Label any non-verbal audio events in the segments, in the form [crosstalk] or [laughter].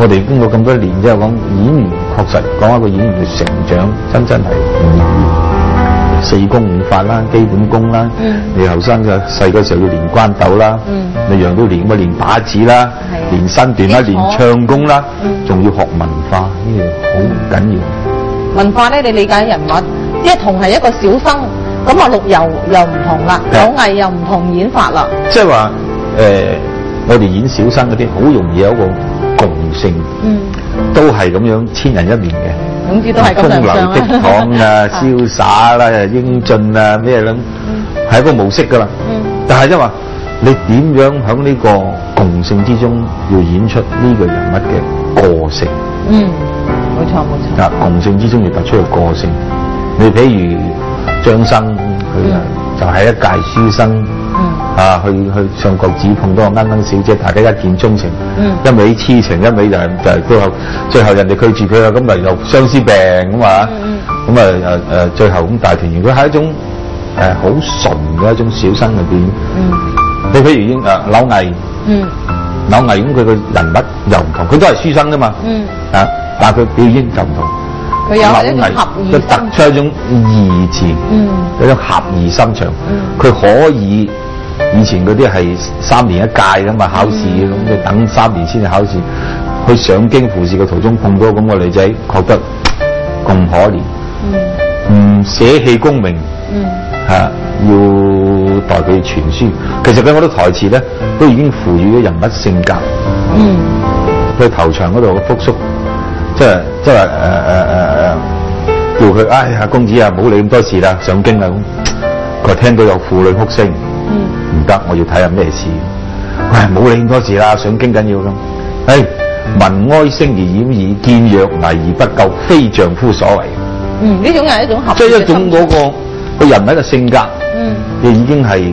我哋經過咁多年之後，講演員確實講一個演員嘅成長，真真係唔易。四功五法啦，基本功啦，嗯、你後生嘅細個時候要練關斗啦，嗯、你又要練乜練把子啦，練、嗯、身段啦，練樂唱功啦，仲、嗯、要學文化，呢啲好緊要。文化咧，你理解人物，即係同係一個小生，咁啊陸游又唔同啦，柳毅的又唔同演法啦。即係話誒，我哋演小生嗰啲好容易有一、那個。共性，嗯、都係咁樣，千人一面嘅。總之都係風流倜儻啊，瀟灑啦，英俊啦、啊，咩啦，係、嗯、一個模式噶啦。嗯、但係即係話，你點樣響呢個共性之中，要演出呢個人物嘅個性？嗯，冇錯冇錯。啊，共性之中要突出個個性。你譬如張生，佢、嗯、就就係一介書生。啊！去去上國寺碰到鶯鶯小姐，大家一見鐘情，、嗯、情，一味痴情，一味就係就係最後最後人哋拒絕佢啦，咁咪又相思病咁、嗯、啊！咁啊誒誒，最後咁大團圓，佢係一種誒好、啊、純嘅一種小生嘅表演。你、嗯、譬如演誒柳毅，柳毅咁佢嘅人物又唔同，佢都係書生啫嘛。嗯、啊，但係佢表演就唔同，佢他有柳藝一俠義，突出一種義字，嗯、一種俠義心腸，佢可以。以前嗰啲係三年一屆噶嘛，考試咁，即、嗯、等三年先至考試。去上京赴試嘅途中碰到咁個女仔，覺得咁可憐，唔捨棄功名，吓、嗯啊、要代佢傳書。其實佢嗰啲台詞咧，都已經賦予咗人物性格。嗯，佢頭場嗰度嘅福叔，即係即係誒誒誒誒，叫佢，哎呀公子啊，唔好理咁多事啦，上京啦咁。佢聽到有婦女哭聲，嗯。唔得，我要睇下咩事。唉，冇你咁多事啦，想傾緊要咁，哎，文哀聲而掩耳，見弱危而不救，非丈夫所為。嗯，呢種係一種合，即係一種嗰個個人物嘅性格，嗯，就已經係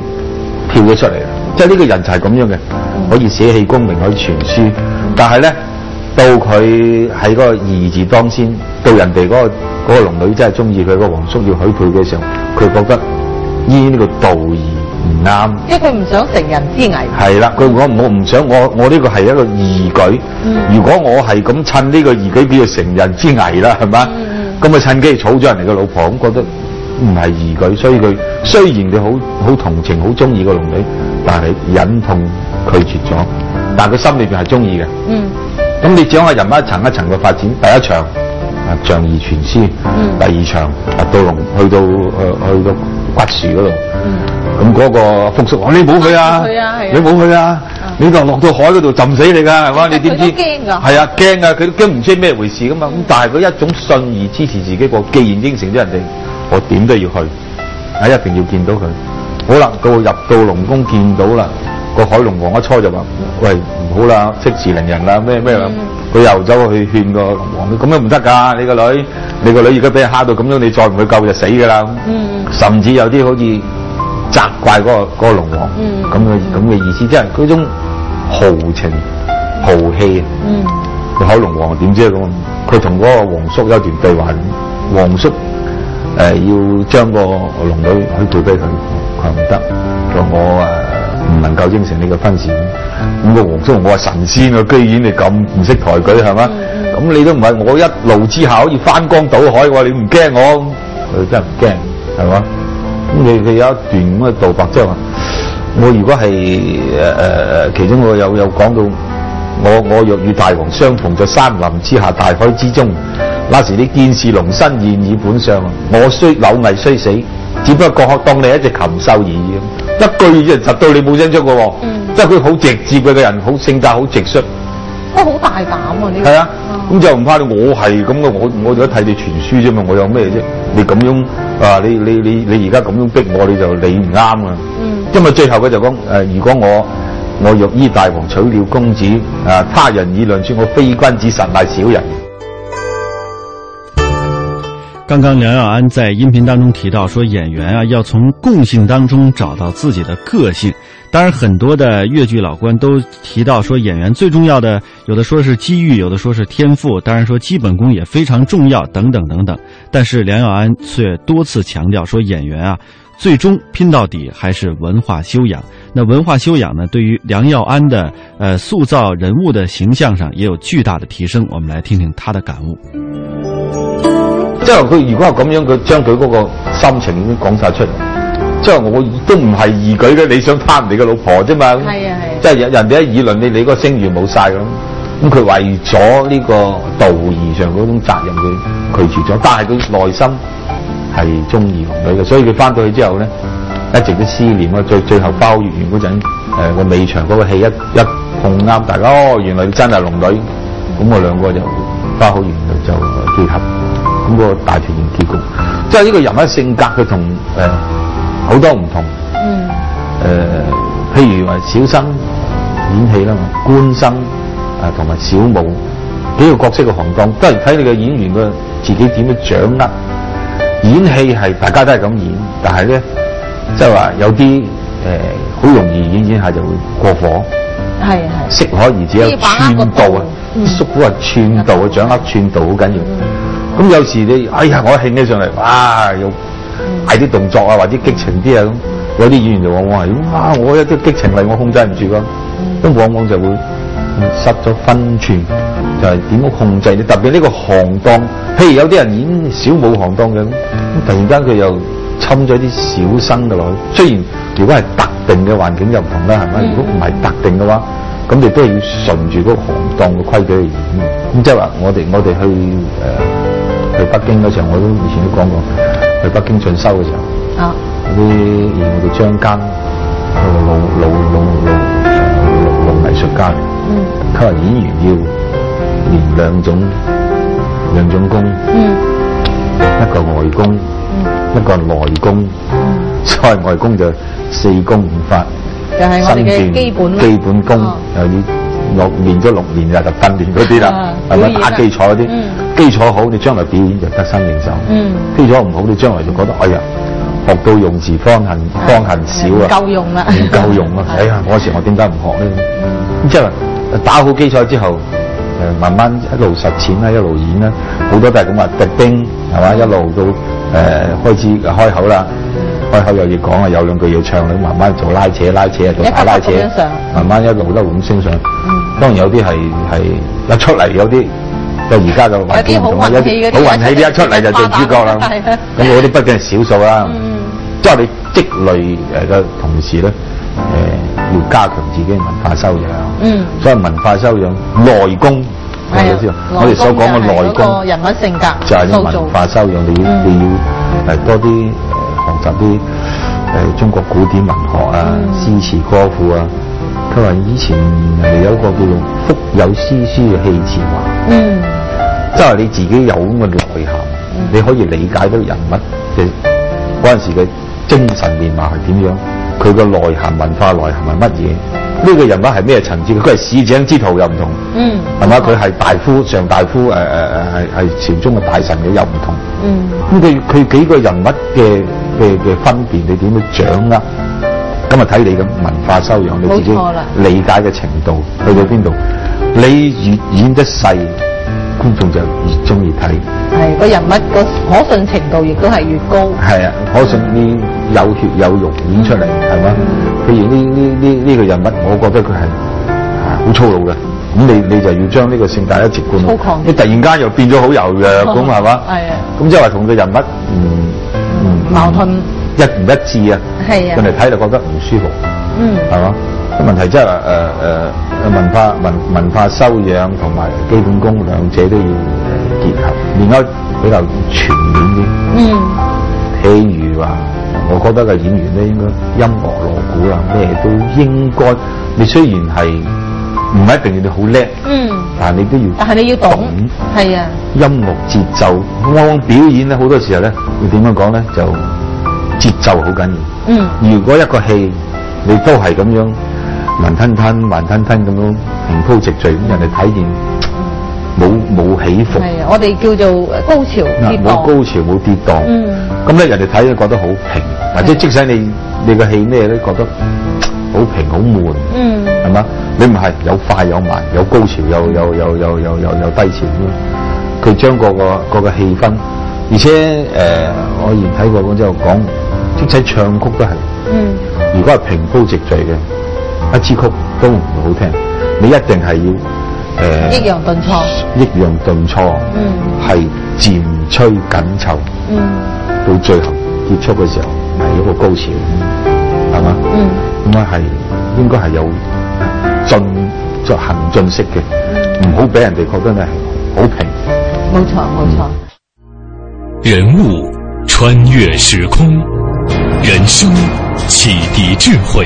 跳咗出嚟啦。即係呢個人才咁樣嘅，可以捨棄功名去傳書，但係咧到佢喺嗰個義字當先，到人哋嗰個嗰個龍女真係中意佢個皇叔要許配嘅時候，佢覺得依呢個道義。唔啱，因為佢唔想成人之危。係啦，佢話我我唔想我我呢個係一個義舉。嗯、如果我係咁趁呢個義舉，俾佢成人之危啦，係咪？咁啊、嗯、趁機儲咗人哋個老婆，咁覺得唔係義舉，所以佢雖然佢好好同情好中意個龍女，但係忍痛拒絕咗。嗯、但係佢心裏邊係中意嘅。咁、嗯、你講下人物一層一層嘅發展，第一場啊仗義傳書，嗯、第二場啊杜龍去到、呃、去橘樹嗰度。嗯咁嗰個福叔話：你唔好去啊！你唔好去啊！你就落到海嗰度浸死你㗎，係嘛？你點知？佢好驚㗎。係啊，驚㗎！佢都驚唔知咩回事㗎嘛。咁但係佢一種信義支持自己個，既然應承咗人哋，我點都要去，啊一定要見到佢。好啦，到入到龍宮見到啦，個海龍王一初就話：喂，唔好啦，息事寧人啦，咩咩咁。佢又走去勸個龍王，咁樣唔得㗎，你個女，你個女而家俾人嚇到咁樣，你再唔去救就死㗎啦。甚至有啲好似。責怪嗰個嗰個龍王，咁嘅咁嘅意思，嗯、即係嗰種豪情、嗯、豪氣氣啊！你海龍王點知咁？佢同嗰個皇叔有段對話，嗯、皇叔誒、呃、要將個龍女去對俾佢，佢唔得，我啊唔、呃、能夠應承你嘅婚事。咁、嗯、個皇叔我係神仙啊，居然你咁唔識抬舉係嘛？咁、嗯、你都唔係我一怒之下可以翻江倒海，你唔驚我？佢真係唔驚，係嘛？你佢有一段咁嘅道白，即係話我如果係誒誒誒，其中我有有講到我我若與大王相同，在山林之下、大海之中，那時你見是龍身現耳本相，我雖柳毅雖死，只不過學當你一隻禽獸而已，一句嘢就窒到你冇聲出嘅，即係佢好直接嘅人，好性格好直率，都好大膽啊！呢個係啊，咁就唔怕你我係咁嘅，我我而家睇你傳書啫嘛，我有咩啫？你咁樣。啊！你你你你而家咁樣逼我，你就你唔啱啊！嗯、因為最後佢就講誒、呃，如果我我欲衣大王娶了公子，啊他人議論說我非君子實乃小人。剛剛梁耀安在音頻當中提到，說演員啊要從共性當中找到自己的個性。當然，很多的粵劇老倌都提到說，演員最重要的，有的說是機遇，有的說是天賦，當然說基本功也非常重要，等等等等。但是梁耀安卻多次強調說，演員啊，最終拼到底還是文化修養。那文化修養呢，對於梁耀安的呃塑造人物的形象上也有巨大的提升。我們來聽聽他的感悟。即係，如果咁樣，佢將佢嗰個心情都講晒出嚟。即係我都唔係異舉嘅，你想貪人哋嘅老婆啫嘛？係啊，係即係人，人哋一議論你，你個聲譽冇晒咁。咁佢為咗呢個道義上嗰種責任，佢拒絕咗。但係佢內心係中意龍女嘅，所以佢返到去之後咧，一直都思念啊。最最後包月圓嗰陣，誒個尾場嗰個戲一一碰啱大家，哦，原來真係龍女，咁我兩個就包好完就結合咁，嗰個大團圓結局。即係呢個人物性格佢同誒。好多唔同，誒、嗯呃，譬如話小生演戲啦，官生啊，同埋小武幾個角色嘅行當，都係睇你嘅演員嘅自己點樣掌握，演戲係大家都係咁演，但係咧即係話有啲誒好容易演演下就會過火，係係適可而止有寸度啊，嗯、縮骨啊，寸度啊，掌握寸度好緊要。咁、嗯、有時你哎呀，我興起上嚟，哇又～大啲動作啊，或者激情啲啊，有啲演員就往往係哇，我有啲激情嚟，我控制唔住咯，都往往就會失咗分寸，就係點樣控制？你特別呢個行當，譬如有啲人演小武行當嘅，咁突然間佢又侵咗啲小生嘅落去。雖然如果係特定嘅環境就唔同啦，係咪？如果唔係特定嘅話，咁你都係要順住個行當嘅規矩嚟演。咁即係話我哋我哋去誒。呃去北京嘅時候，我都以前都講過。去北京進修嘅時候，啲要到張間、老老老老老老藝術家。嗯。佢話演員要練兩種兩種功。嗯。一個外功，一個內功。再外功就四功五法，就係我哋嘅基本基本功，又要六練咗六年啊，就訓練嗰啲啦，係咪打基礎嗰啲？基礎好，你將來表演就得心應手。嗯，基礎唔好，你將來就覺得哎呀，學到用時方恨方恨少啊，夠用啦，唔夠用啊。 [laughs] 哎呀，嗰時我點解唔學呢？咁、嗯、即係打好基礎之後，誒、呃，慢慢一路實踐啦，一路演啦，好多都係咁啊，滴丁係嘛，一路到誒開始開口啦，嗯、開口又要講啊，有兩句要唱啦，慢慢做拉扯拉扯啊，做下拉扯，拉扯拉扯慢慢一路都路咁升上。嗯、當然有啲係係一出嚟有啲。就而家就環境唔同啦，有啲好運氣啲一,一出嚟就做主角啦。咁我啲畢竟係少數啦、啊。嗯，即係你積累誒嘅同時咧，誒、呃、要加強自己嘅文化修養。嗯，所以文化修養內功係我哋所講嘅內功，哎、呀內功人物性格就係文化修養，你要、嗯、你要誒多啲學習啲誒中國古典文學啊、嗯、詩詞歌賦啊。佢話以前人哋有一個叫做“腹有詩書氣自華”。嗯。即係你自己有咁嘅內涵，嗯、你可以理解到人物嘅嗰陣時嘅精神面貌係點樣，佢嘅內涵文化內涵係乜嘢？呢、個人物係咩層次？佢係市井之徒又唔同，係嘛、嗯？佢係吧大夫、上大夫，誒誒誒，係朝中嘅大臣嘅又唔同。咁佢佢幾個人物嘅嘅嘅分別，你點樣掌握？咁啊睇你嘅文化修養，你自己理解嘅程度去到邊度？你越演得細。觀眾就越中意睇，係個人物個可信程度亦都係越高。係啊，可信啲有血有肉演出嚟，係嘛、嗯？譬如呢呢呢呢個人物，我覺得佢係啊好粗魯嘅。咁你你就要將呢個性格一直觀，好狂嘅。你突然間又變咗好柔弱，咁係嘛？係啊。咁即係話同個人物嗯矛盾一唔一致啊，係啊，人哋睇就覺得唔舒服，嗯，係嘛？的問題即係誒誒誒，文化文文化修養同埋基本功兩者都要、呃、結合，然後比較全面啲。嗯，譬如話，我覺得嘅演員咧，應該音樂鑼鼓啊，咩都應該。你雖然係唔係一定要你好叻，嗯，但係你都要，但係你要懂，係懂，啊，音樂節奏。往往表演咧，好多時候咧，你點樣講咧？就節奏好緊要。嗯，如果一個戲你都係咁樣。慢吞吞、慢吞吞咁樣平鋪直敘，咁人哋睇見冇冇起伏。係啊，我哋叫做高潮跌宕。冇高潮冇跌宕。嗯。咁咧，人哋睇咗覺得好平，係啊。或者即使你你個戲咩都覺得好平好悶。嗯。係嘛？你唔係有快有慢，有高潮又又又又又又又低潮咯。佢將嗰個、嗰個氣氛，而且誒、呃，我以前睇過之後講，即使唱曲都係。嗯。如果係平鋪直敘嘅。一支曲都唔好聽，你一定係要誒，抑揚頓挫，抑揚頓挫，係漸趨緊湊，嗯、到最後結束嘅時候係一個高潮，係嘛、嗯？咁啊係應該係有進就行進式嘅，唔好俾人哋覺得你係好平。冇錯冇錯，錯人物穿越時空，人生啟迪智慧。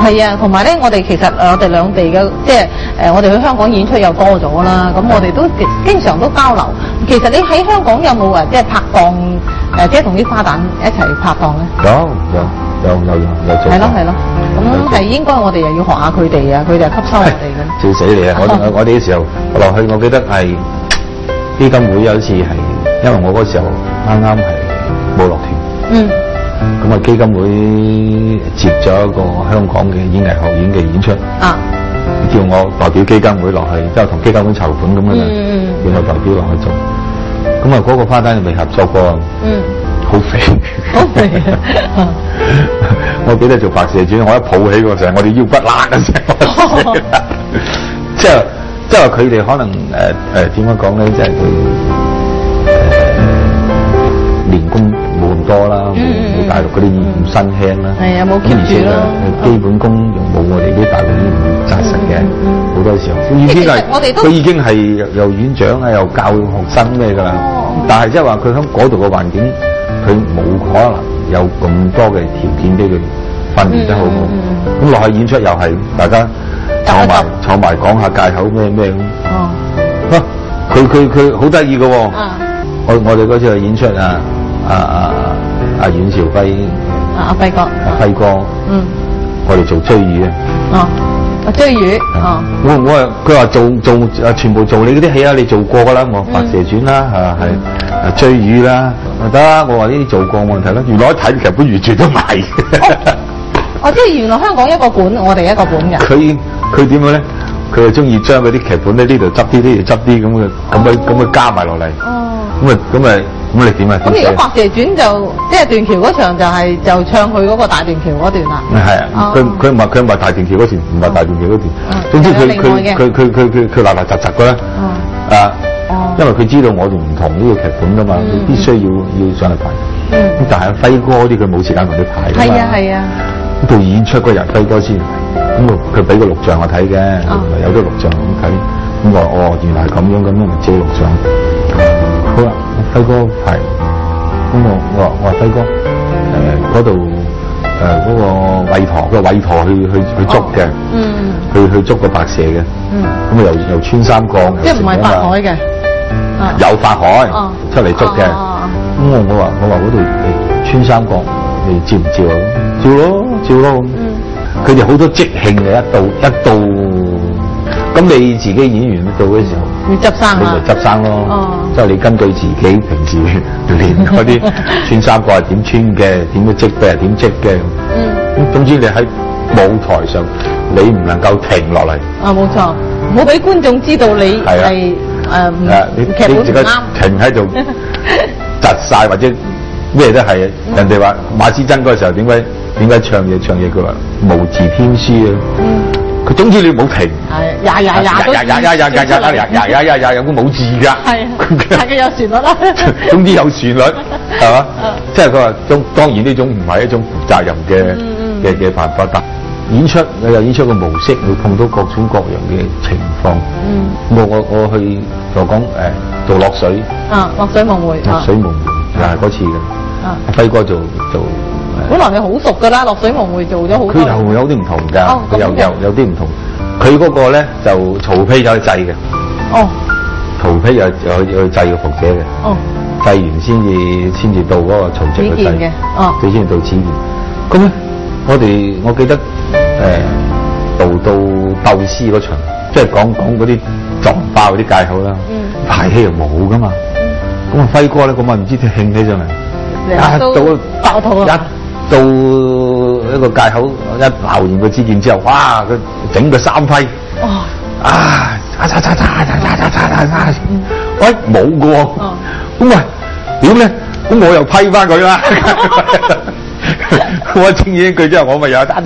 係啊，同埋咧，我哋其實我哋兩地嘅即係，誒，我哋去香港演出又多咗啦，咁我哋都經常都交流。其實你喺香港有冇誒，即係拍檔，誒，即係同啲花旦一齊拍檔咧？有有有有有。係咯係咯，咁係，啊啊啊啊、應該我哋又要學下佢哋啊，佢哋係吸收我哋嘅。笑、哎、死你啊！我，嗯、我哋嘅時候落去，我記得係基金會有一次係，因為我嗰時候啱啱係冇落添。嗯。咁啊，嗯、基金會接咗一個香港嘅演藝學院嘅演出啊，叫我代表基金會落去，即係同基金會籌款咁樣啦，叫我、嗯、代表落去做。咁啊，嗰個花旦未合作過，嗯，好肥，好肥啊！我記得做白蛇傳，我一抱起個時，我哋腰骨爛嘅時，即係即係佢哋可能誒誒，點樣講咧，即係佢誒練功冇咁多啦。呃嗯大陸嗰啲唔新輕啦，係啊，冇堅基本功又冇我哋啲大陸啲咁紮實嘅。好、嗯、多時候佢已經係佢已經係又院長啊，又教學生咩㗎啦。哦、但係即係話佢喺嗰度嘅環境，佢冇可能有咁多嘅條件俾佢訓練得好好。咁落、嗯、去演出又係大家坐埋坐埋講下戒口咩咩咁。佢佢佢好得意嘅喎。我我哋嗰次去演出啊啊！阿阮兆輝，啊阿輝哥，輝哥，嗯，我哋做追魚啊，哦，我追魚，我我啊，佢話做做啊，全部做你嗰啲戲啊，你做過噶啦，我白蛇傳啦，吓係、嗯，啊追魚啦，得、嗯，我話呢啲做過冇問題啦，原來睇劇本完全都唔係，哦，即係 [laughs] 原來香港一個本，我哋一個本嘅，佢佢點樣咧？佢就中意將嗰啲劇本咧呢度執啲啲，呢度執啲咁嘅咁嘅咁嘅加埋落嚟，哦，咁啊咁啊。咁你點啊？咁如果白蛇傳就即係斷橋嗰場就係就唱佢嗰個大斷橋嗰段啦。係啊，佢佢唔話佢唔話大斷橋嗰段唔話大斷橋嗰段，總之佢佢佢佢佢佢佢佢邋邋雜雜嘅咧啊，因為佢知道我哋唔同呢個劇本噶嘛，佢必須要要上去排。嗯，咁但係輝哥啲佢冇時間同你排。係啊係啊，咁佢演出嗰日輝哥先，咁佢佢俾個錄像我睇嘅，有啲錄像咁睇，咁話哦原來咁樣咁樣咪照錄像。好啊。輝哥係，咁我我我話輝哥，誒度誒個委託、個委託去去去捉嘅、哦，嗯，去去捉個白蛇嘅，嗯，咁啊又又穿三角即係唔係法海嘅，有法海，啊、哦，出嚟捉嘅，咁我我話我話嗰度穿三角你照唔照啊？照、嗯、咯，照咯，嗯，佢哋好多即興嘅一到一到咁你自己演員到嘅時候。要執生咯，你就哦，即係你根據自己平時練嗰啲穿衫褲係點穿嘅？點樣織嘅？點織嘅？嗯，總之你喺舞台上你唔能夠停落嚟，啊、哦，冇錯，冇俾、嗯、觀眾知道你係誒唔，你你自己停喺度窒晒或者咩都係，人哋話馬師曾嗰時候點解點解唱嘢唱嘢，佢話無字天書啊？嗯總之你冇停，有呀呀，呀呀呀呀呀呀呀呀呀呀呀有句冇字噶，係啊，但係有旋律啦，總之有旋律係嘛，即係佢話當當然呢種唔係一種負責任嘅嘅嘅辦法，但演出有演出嘅模式會碰到各種各樣嘅情況。我我我去就講誒做落水，啊落水夢回，落水夢回，就係嗰次嘅，輝哥做做。本來你好熟噶啦，洛水夢會做咗好多嘢。佢又有啲唔同噶、哦，有又有啲唔同。佢嗰個咧就曹丕、哦、有，有，有、哦、曹去制嘅。哦。曹丕又又去制個伏者嘅。哦。制完先至先至到嗰個曹植去制嘅。哦。幾件嘅，哦。幾先到幾咁咧，我哋我記得誒，呃、到到鬥詩嗰場，即係講講嗰啲撞爆嗰啲戒口啦。嗯、排戲又冇噶嘛。咁人都 啊，輝哥咧，咁啊，唔知興起上嚟，到爆肚到一個界口，一留完個支箭之後，哇！佢整個三批，啊！啊！啊！啊！啊！啊！啊！啊！啊！喂，冇個，咁咪點咧？咁我又批翻佢啦！我清完一句之後，我咪有單，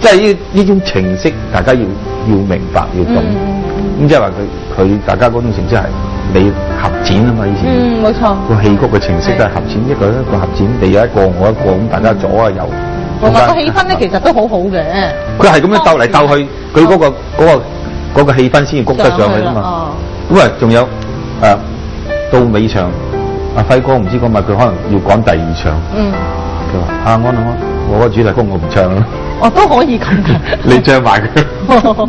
即係呢呢種程式，大家要要明白要懂。咁即係話佢佢，大家嗰種程式即係你合展啊嘛，以前，嗯，冇錯，個戲曲嘅程式都係合展，一個一個合展，你有一個我一個咁，大家左啊右，同埋個氣氛咧，其實都好好嘅。佢係咁樣鬥嚟鬥去，佢嗰個嗰個個氣氛先要谷得上去啊嘛。咁啊，仲有誒，到尾場阿輝哥唔知咁話，佢可能要講第二場。嗯，佢話安安安我個主題曲我唔唱啦。我都可以唱，你唱埋佢。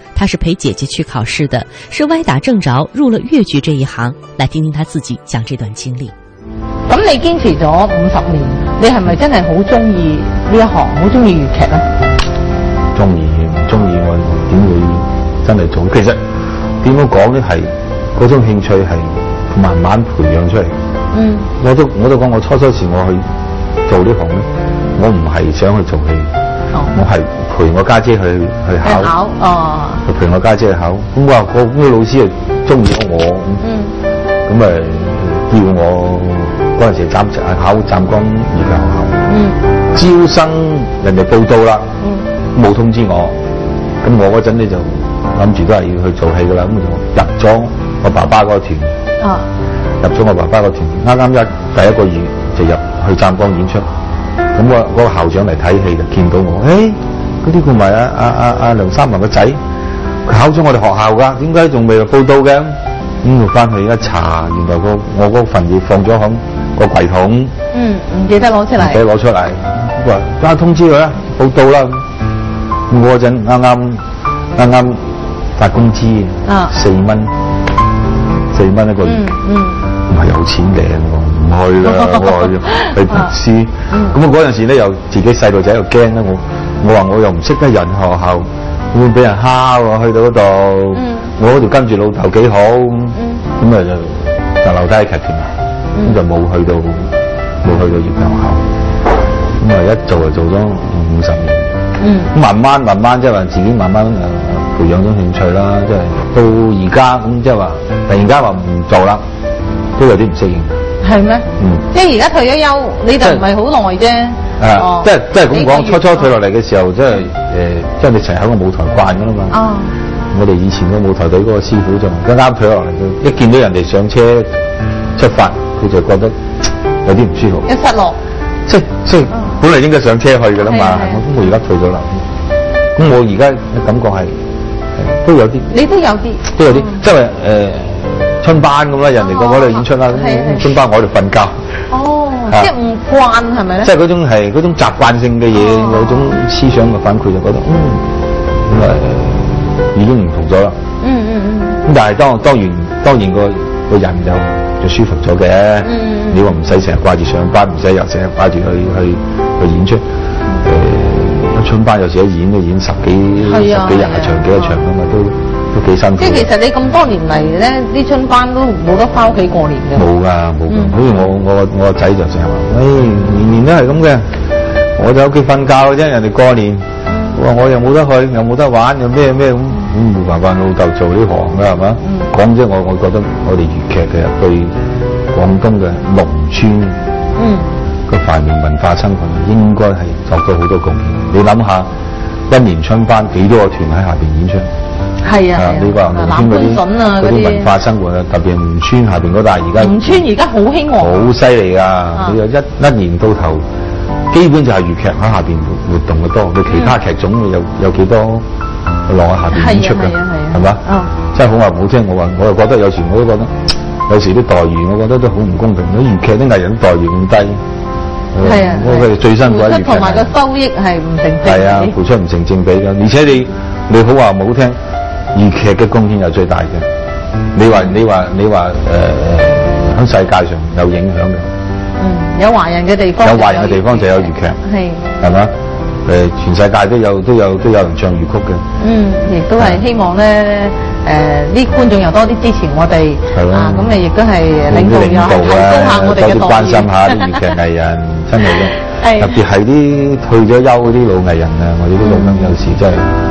他是陪姐姐去考試的，是歪打正着入了粵劇這一行。來聽聽他自己講這段經歷。咁你堅持咗五十年，你係咪真係好中意呢一行，好中意粵劇啊？中意，唔中意我點會真係做？其實點樣講咧，係嗰種興趣係慢慢培養出嚟。嗯我，我都我都講，我初初時我去做呢行咧，我唔係想去做戲，嗯、我係。陪我家姐，姐去去考，去考 oh. 陪我家姐，姐去考，咁話、那個嗰啲老師啊中意我，咁啊、mm hmm. 叫我嗰陣時暫時啊考湛江粵劇嘅學校，招、mm hmm. 生人哋報到啦，冇、mm hmm. 通知我，咁我嗰陣咧就諗住都係要去做戲噶啦，咁就入咗我爸爸嗰個團，oh. 入咗我爸爸個團，啱啱一第一個月就入去湛江演出，咁個嗰個校長嚟睇戲就見到我，誒、欸。嗰啲唔埋啊？啊，啊，阿梁三文個仔，佢考咗我哋學校噶點解仲未報報到嘅？咁就翻去一查，原來我個我嗰份嘢放咗喺個櫃桶。嗯，唔記得攞出嚟。俾攞出嚟，咁等下通知佢啦，報到啦。咁嗰陣啱啱啱啱發工資，啊，四蚊，四蚊一個月。嗯。嗯唔係有錢領喎，唔去啦，我又要讀書。咁我嗰陣 [laughs] 時咧又自己細路仔又驚啦，我我話我又唔識得人學校，會俾人蝦喎。去到嗰度，嗯、我嗰度跟住老豆幾好，咁啊就就留低劇團，咁、嗯、就冇去到冇、嗯、去到粵劇學校。咁啊、嗯、一做就做咗五十年、嗯慢慢，慢慢慢慢即係話自己慢慢啊培養咗興趣啦，即、就、係、是、到而家咁即係話突然間話唔做啦。都有啲唔適應，係咩？嗯，即係而家退咗休，你就唔係好耐啫。啊，即係即係咁講，初初退落嚟嘅時候，即係誒，即係你齊喺個舞台慣噶啦嘛。哦，我哋以前個舞台隊嗰個師傅仲啱啱退落嚟，一見到人哋上車出發，佢就覺得有啲唔舒服，一失落。即即本嚟應該上車去噶啦嘛，咁我而家退咗啦。咁我而家感覺係都有啲，你都有啲，都有啲，即係誒。春班咁啦，人哋過我度演出啦，春班我喺度瞓覺。哦，即係唔慣係咪咧？即係嗰種係嗰種習慣性嘅嘢，有種思想嘅反饋就覺得嗯，咁啊，已經唔同咗啦。嗯嗯嗯。咁但係當當然當然個個人就就舒服咗嘅。你話唔使成日掛住上班，唔使又成日掛住去去去演出。誒，春班有時一演都演十幾十幾廿場幾多場㗎嘛都。都幾辛苦，即係其實你咁多年嚟咧，啲春班都冇得翻屋企過年嘅。冇噶，冇。嗯、好似我我我個仔就成日話，哎，年年都係咁嘅。我喺屋企瞓覺啫，人哋過年，嗯、我又冇得去，又冇得玩，又咩咩咁，咁冇辦法。老、嗯、豆做呢行噶係嘛？講真，嗯、我我覺得我哋粵劇嘅對廣東嘅農村嘅繁榮文化生活應該係作咗好多貢獻。你諗下，一年春班幾多個團喺下邊演出？係啊，你話農村嗰啲嗰啲文化生活啊，特別梧村下邊嗰帶，而家梧村而家好興旺，好犀利啊。你有一一年到頭，基本就係粵劇喺下邊活活動嘅多，你其他劇種有有幾多落喺下邊演出噶，係嘛？真係好話唔好聽，我話我又覺得有時我都覺得，有時啲待遇，我覺得都好唔公平。啲粵劇啲藝人待遇咁低，係啊，我哋最辛苦嗰啲同埋個收益係唔成正比係啊，付出唔成正比噶，而且你你好話唔好聽。粵劇嘅貢獻又最大嘅，你話你話你話誒，喺世界上有影響嘅。嗯，有華人嘅地方有華人嘅地方就有粵劇，係係嘛？誒，全世界都有都有都有人唱粵曲嘅。嗯，亦都係希望咧，誒，啲觀眾又多啲支持我哋啊，咁你亦都係領導提高下我哋嘅待遇，多啲關心下粵劇藝人真係嘅，特別係啲退咗休嗰啲老藝人啊，我哋都老咁有時真係。